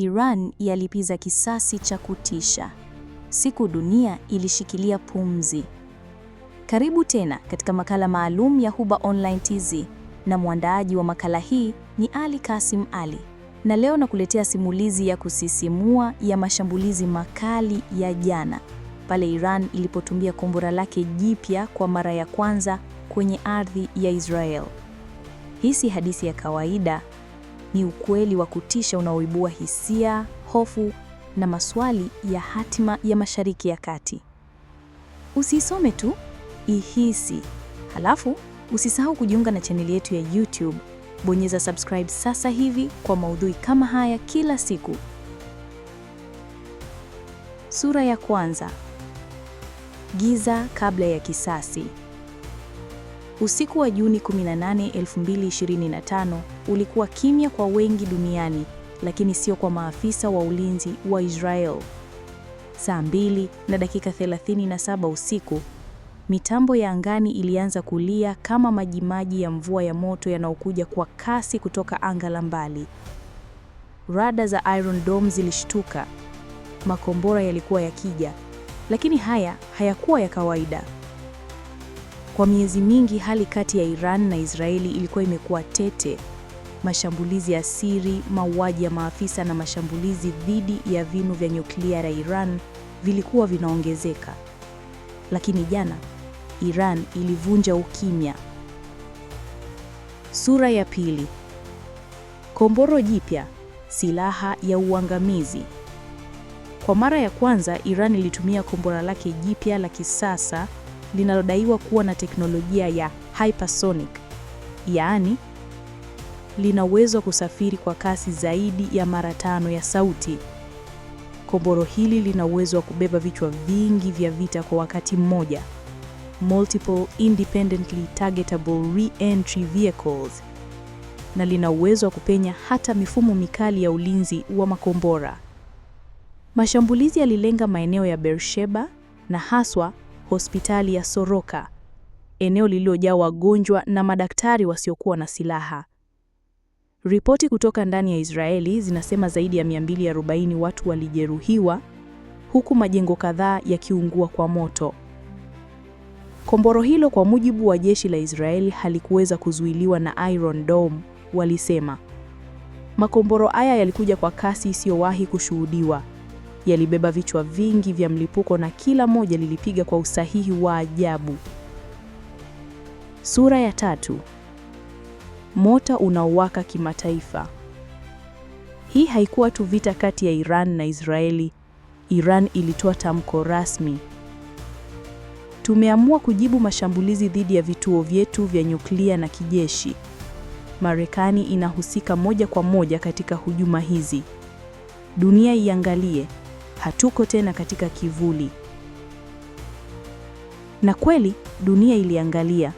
Iran yalipiza kisasi cha kutisha. Siku dunia ilishikilia pumzi. Karibu tena katika makala maalum ya Hubah Online TZ, na mwandaaji wa makala hii ni Ali Kasim Ali, na leo nakuletea simulizi ya kusisimua ya mashambulizi makali ya jana pale Iran ilipotumia kombora lake jipya kwa mara ya kwanza kwenye ardhi ya Israel. Hii si hadithi ya kawaida ni ukweli wa kutisha unaoibua hisia, hofu na maswali ya hatima ya Mashariki ya Kati. Usisome tu, ihisi. Halafu usisahau kujiunga na chaneli yetu ya YouTube. Bonyeza subscribe sasa hivi kwa maudhui kama haya kila siku. Sura ya kwanza. Giza kabla ya kisasi. Usiku wa Juni 18, 2025 ulikuwa kimya kwa wengi duniani, lakini sio kwa maafisa wa ulinzi wa Israel. Saa 2 na dakika 37 usiku, mitambo ya angani ilianza kulia kama majimaji ya mvua ya moto yanayokuja kwa kasi kutoka anga la mbali. Rada za Iron Dome zilishtuka. Makombora yalikuwa yakija, lakini haya hayakuwa ya kawaida. Kwa miezi mingi, hali kati ya Iran na Israeli ilikuwa imekuwa tete. Mashambulizi ya siri, mauaji ya maafisa na mashambulizi dhidi ya vinu vya nyuklia ya Iran vilikuwa vinaongezeka. Lakini jana Iran ilivunja ukimya. Sura ya pili. Komboro jipya, silaha ya uangamizi. Kwa mara ya kwanza Iran ilitumia kombora lake jipya la kisasa linalodaiwa kuwa na teknolojia ya hypersonic, yaani lina uwezo wa kusafiri kwa kasi zaidi ya mara tano ya sauti. Komboro hili lina uwezo wa kubeba vichwa vingi vya vita kwa wakati mmoja, multiple independently targetable re-entry vehicles, na lina uwezo wa kupenya hata mifumo mikali ya ulinzi wa makombora. Mashambulizi yalilenga maeneo ya Beersheba na haswa hospitali ya Soroka, eneo lililojaa wagonjwa na madaktari wasiokuwa na silaha. Ripoti kutoka ndani ya Israeli zinasema zaidi ya 240 watu walijeruhiwa huku majengo kadhaa yakiungua kwa moto. Komboro hilo kwa mujibu wa jeshi la Israeli halikuweza kuzuiliwa na Iron Dome, walisema. Makomboro haya yalikuja kwa kasi isiyowahi kushuhudiwa yalibeba vichwa vingi vya mlipuko na kila moja lilipiga kwa usahihi wa ajabu. Sura ya tatu: mota unaowaka kimataifa. Hii haikuwa tu vita kati ya Iran na Israeli. Iran ilitoa tamko rasmi: tumeamua kujibu mashambulizi dhidi ya vituo vyetu vya nyuklia na kijeshi. Marekani inahusika moja kwa moja katika hujuma hizi. Dunia iangalie hatuko tena katika kivuli. Na kweli dunia iliangalia.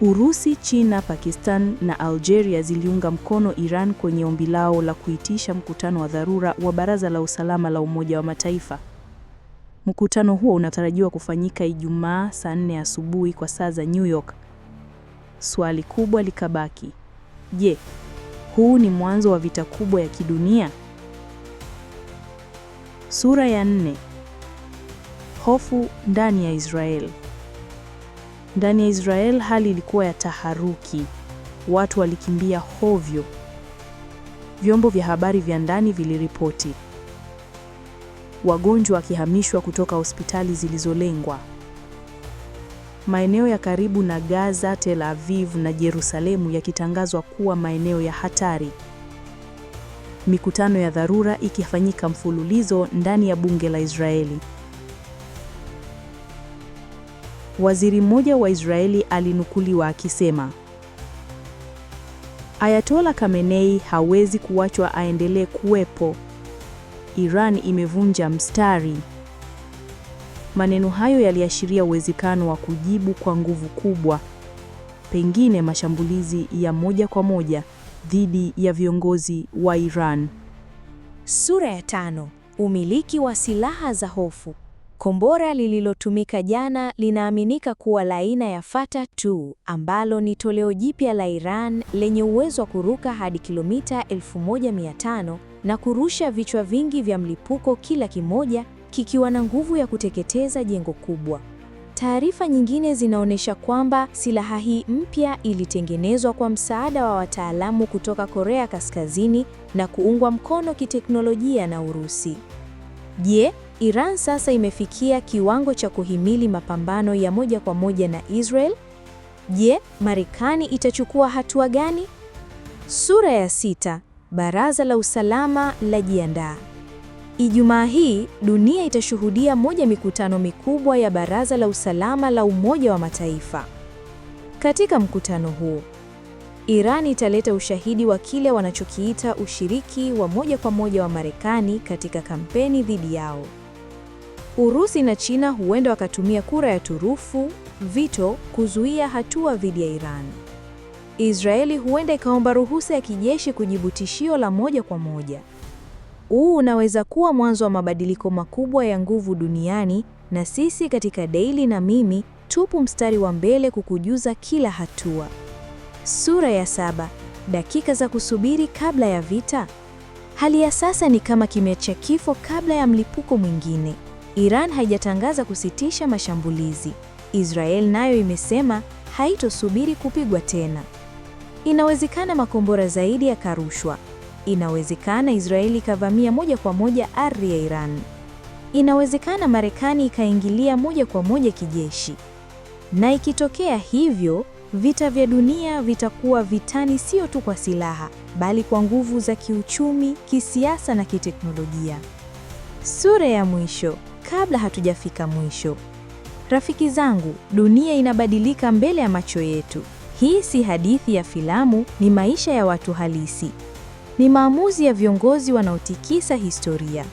Urusi, China, Pakistan na Algeria ziliunga mkono Iran kwenye ombi lao la kuitisha mkutano wa dharura wa Baraza la Usalama la Umoja wa Mataifa. Mkutano huo unatarajiwa kufanyika Ijumaa saa nne asubuhi kwa saa za New York. Swali kubwa likabaki. Je, huu ni mwanzo wa vita kubwa ya kidunia? Sura ya nne. Hofu ndani ya israel Ndani ya israel hali ilikuwa ya taharuki. Watu walikimbia hovyo. Vyombo vya habari vya ndani viliripoti wagonjwa wakihamishwa kutoka hospitali zilizolengwa. Maeneo ya karibu na Gaza, Tel Aviv na Yerusalemu yakitangazwa kuwa maeneo ya hatari mikutano ya dharura ikifanyika mfululizo ndani ya bunge la Israeli. Waziri mmoja wa Israeli alinukuliwa akisema, Ayatola Khamenei hawezi kuachwa aendelee kuwepo. Iran imevunja mstari. Maneno hayo yaliashiria uwezekano wa kujibu kwa nguvu kubwa, pengine mashambulizi ya moja kwa moja dhidi ya viongozi wa Iran. Sura ya tano: umiliki wa silaha za hofu. Kombora lililotumika jana linaaminika kuwa la aina ya Fata 2 ambalo ni toleo jipya la Iran lenye uwezo wa kuruka hadi kilomita 1500 na kurusha vichwa vingi vya mlipuko kila kimoja kikiwa na nguvu ya kuteketeza jengo kubwa. Taarifa nyingine zinaonyesha kwamba silaha hii mpya ilitengenezwa kwa msaada wa wataalamu kutoka Korea Kaskazini na kuungwa mkono kiteknolojia na Urusi. Je, Iran sasa imefikia kiwango cha kuhimili mapambano ya moja kwa moja na Israel? Je, Marekani itachukua hatua gani? Sura ya sita. Baraza la Usalama la jiandaa. Ijumaa hii dunia itashuhudia moja mikutano mikubwa ya Baraza la Usalama la Umoja wa Mataifa. Katika mkutano huu, Iran italeta ushahidi wa kile wanachokiita ushiriki wa moja kwa moja wa Marekani katika kampeni dhidi yao. Urusi na China huenda wakatumia kura ya turufu vito kuzuia hatua dhidi ya Iran. Israeli huenda ikaomba ruhusa ya kijeshi kujibu tishio la moja kwa moja. Huu unaweza kuwa mwanzo wa mabadiliko makubwa ya nguvu duniani, na sisi katika Daily na Mimi tupo mstari wa mbele kukujuza kila hatua. Sura ya saba: dakika za kusubiri kabla ya vita. Hali ya sasa ni kama kimya cha kifo kabla ya mlipuko mwingine. Iran haijatangaza kusitisha mashambulizi. Israel nayo imesema haitosubiri kupigwa tena. Inawezekana makombora zaidi yakarushwa, Inawezekana Israeli ikavamia moja kwa moja ardhi ya Iran. Inawezekana Marekani ikaingilia moja kwa moja kijeshi. Na ikitokea hivyo, vita vya dunia vitakuwa vitani sio tu kwa silaha, bali kwa nguvu za kiuchumi, kisiasa na kiteknolojia. Sura ya mwisho, kabla hatujafika mwisho. Rafiki zangu, dunia inabadilika mbele ya macho yetu. Hii si hadithi ya filamu, ni maisha ya watu halisi ni maamuzi ya viongozi wanaotikisa historia,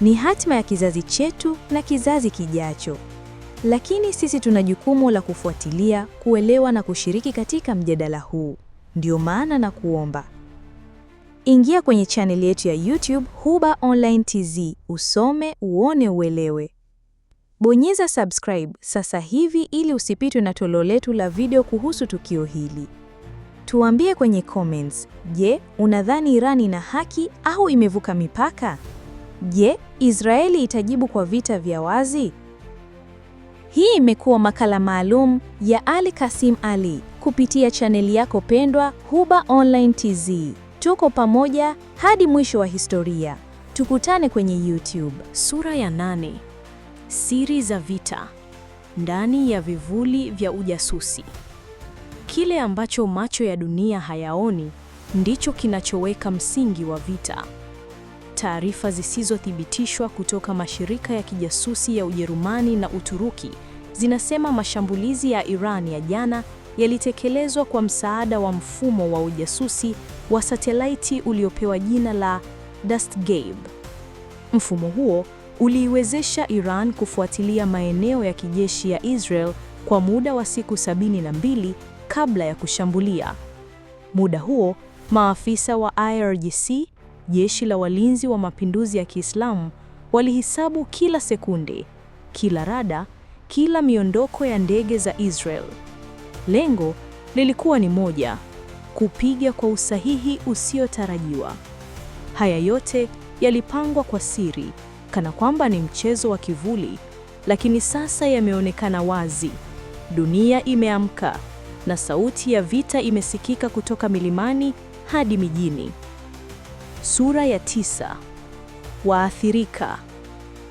ni hatima ya kizazi chetu na kizazi kijacho. Lakini sisi tuna jukumu la kufuatilia, kuelewa na kushiriki katika mjadala huu. Ndio maana na kuomba ingia kwenye chaneli yetu ya YouTube Hubah Online TZ, usome, uone, uelewe. Bonyeza subscribe sasa hivi ili usipitwe na toleo letu la video kuhusu tukio hili. Tuambie kwenye comments, je, unadhani Iran ina haki au imevuka mipaka? Je, Israeli itajibu kwa vita vya wazi? Hii imekuwa makala maalum ya Ali Kasim Ali kupitia chaneli yako pendwa Huba Online TZ. Tuko pamoja hadi mwisho wa historia. Tukutane kwenye YouTube. Sura ya nane. Siri za vita ndani ya vivuli vya ujasusi. Kile ambacho macho ya dunia hayaoni ndicho kinachoweka msingi wa vita. Taarifa zisizothibitishwa kutoka mashirika ya kijasusi ya Ujerumani na Uturuki zinasema mashambulizi ya Iran ya jana yalitekelezwa kwa msaada wa mfumo wa ujasusi wa satelaiti uliopewa jina la Gabe. Mfumo huo uliiwezesha Iran kufuatilia maeneo ya kijeshi ya Israel kwa muda wa siku 72 kabla ya kushambulia. Muda huo, maafisa wa IRGC, jeshi la walinzi wa mapinduzi ya Kiislamu, walihisabu kila sekunde, kila rada, kila miondoko ya ndege za Israel. Lengo lilikuwa ni moja, kupiga kwa usahihi usiotarajiwa. Haya yote yalipangwa kwa siri, kana kwamba ni mchezo wa kivuli, lakini sasa yameonekana wazi. Dunia imeamka na sauti ya vita imesikika kutoka milimani hadi mijini. Sura ya tisa: waathirika,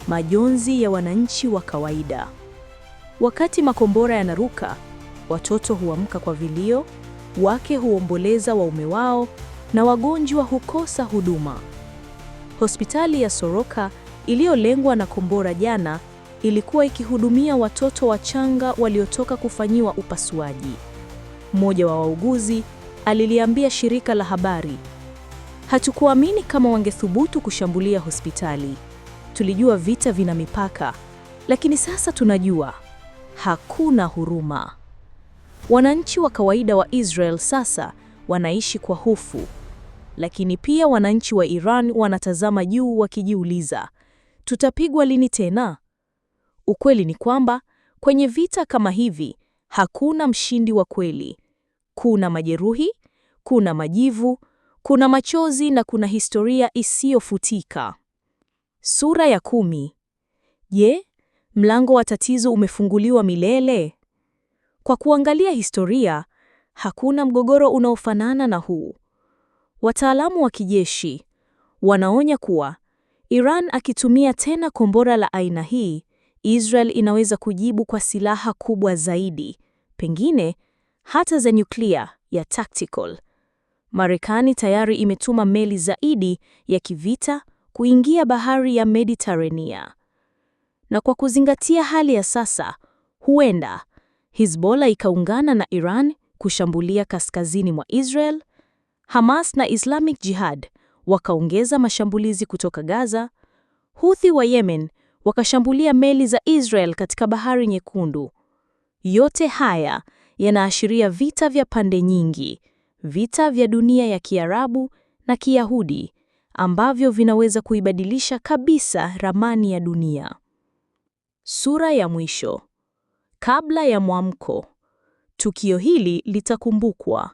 majonzi ya wananchi wa kawaida. Wakati makombora yanaruka, watoto huamka kwa vilio, wake huomboleza waume wao, na wagonjwa hukosa huduma. Hospitali ya Soroka iliyolengwa na kombora jana ilikuwa ikihudumia watoto wachanga waliotoka kufanyiwa upasuaji mmoja wa wauguzi aliliambia shirika la habari, hatukuamini kama wangethubutu kushambulia hospitali. Tulijua vita vina mipaka, lakini sasa tunajua hakuna huruma. Wananchi wa kawaida wa Israel sasa wanaishi kwa hofu, lakini pia wananchi wa Iran wanatazama juu wakijiuliza, tutapigwa lini tena? Ukweli ni kwamba kwenye vita kama hivi hakuna mshindi wa kweli. Kuna majeruhi, kuna majivu, kuna machozi na kuna historia isiyofutika. Sura ya kumi. Je, mlango wa tatizo umefunguliwa milele? Kwa kuangalia historia, hakuna mgogoro unaofanana na huu. Wataalamu wa kijeshi wanaonya kuwa Iran akitumia tena kombora la aina hii, Israel inaweza kujibu kwa silaha kubwa zaidi, pengine hata za nyuklia ya tactical. Marekani tayari imetuma meli zaidi ya kivita kuingia bahari ya Mediterania. Na kwa kuzingatia hali ya sasa, huenda Hezbollah ikaungana na Iran kushambulia kaskazini mwa Israel, Hamas na Islamic Jihad wakaongeza mashambulizi kutoka Gaza, Houthi wa Yemen wakashambulia meli za Israel katika Bahari Nyekundu. Yote haya yanaashiria vita vya pande nyingi, vita vya dunia ya Kiarabu na Kiyahudi ambavyo vinaweza kuibadilisha kabisa ramani ya dunia. Sura ya mwisho. Kabla ya mwamko. Tukio hili litakumbukwa.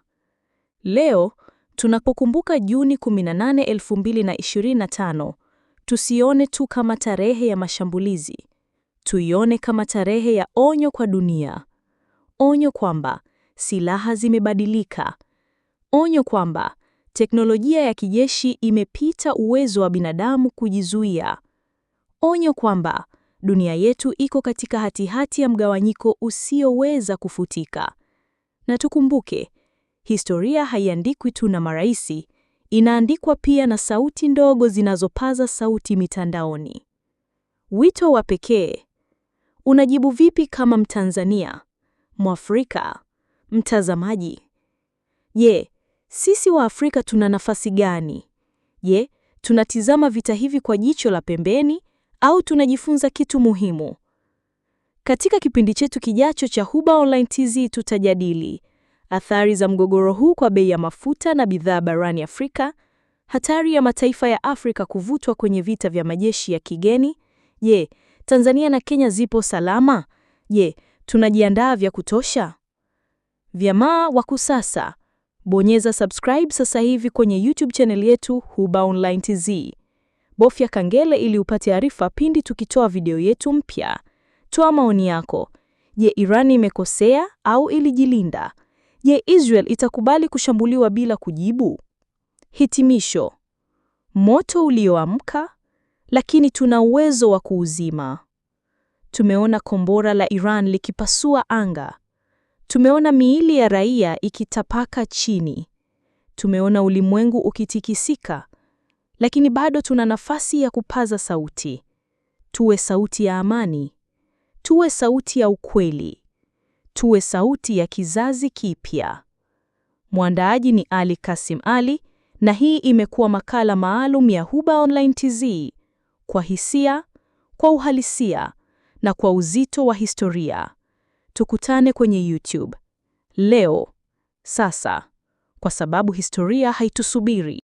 Leo tunapokumbuka Juni 18, 2025, tusione tu kama tarehe ya mashambulizi. Tuione kama tarehe ya onyo kwa dunia onyo kwamba silaha zimebadilika, onyo kwamba teknolojia ya kijeshi imepita uwezo wa binadamu kujizuia, onyo kwamba dunia yetu iko katika hatihati ya mgawanyiko usioweza kufutika. Na tukumbuke, historia haiandikwi tu na marais, inaandikwa pia na sauti ndogo zinazopaza sauti mitandaoni. Wito wa pekee. Unajibu vipi kama Mtanzania Mwafrika, mtazamaji, je, sisi wa afrika tuna nafasi gani? Je, tunatizama vita hivi kwa jicho la pembeni au tunajifunza kitu muhimu? Katika kipindi chetu kijacho cha Hubah Online TZ tutajadili athari za mgogoro huu kwa bei ya mafuta na bidhaa barani Afrika, hatari ya mataifa ya Afrika kuvutwa kwenye vita vya majeshi ya kigeni. Je, Tanzania na Kenya zipo salama? Je, Tunajiandaa vya kutosha? Vyamaa wa kusasa Bonyeza subscribe sasa hivi kwenye YouTube channel yetu Hubah Online TZ. Bofya kangele ili upate arifa pindi tukitoa video yetu mpya. Toa maoni yako. Je, iran imekosea au ilijilinda? Je, Israel itakubali kushambuliwa bila kujibu? Hitimisho. Moto ulioamka, lakini tuna uwezo wa kuuzima. Tumeona kombora la Iran likipasua anga. Tumeona miili ya raia ikitapaka chini. Tumeona ulimwengu ukitikisika. Lakini bado tuna nafasi ya kupaza sauti. Tuwe sauti ya amani. Tuwe sauti ya ukweli. Tuwe sauti ya kizazi kipya. Mwandaaji ni Ali Kasim Ali na hii imekuwa makala maalum ya Hubah Online TZ. Kwa hisia, kwa uhalisia na kwa uzito wa historia. Tukutane kwenye YouTube leo sasa, kwa sababu historia haitusubiri.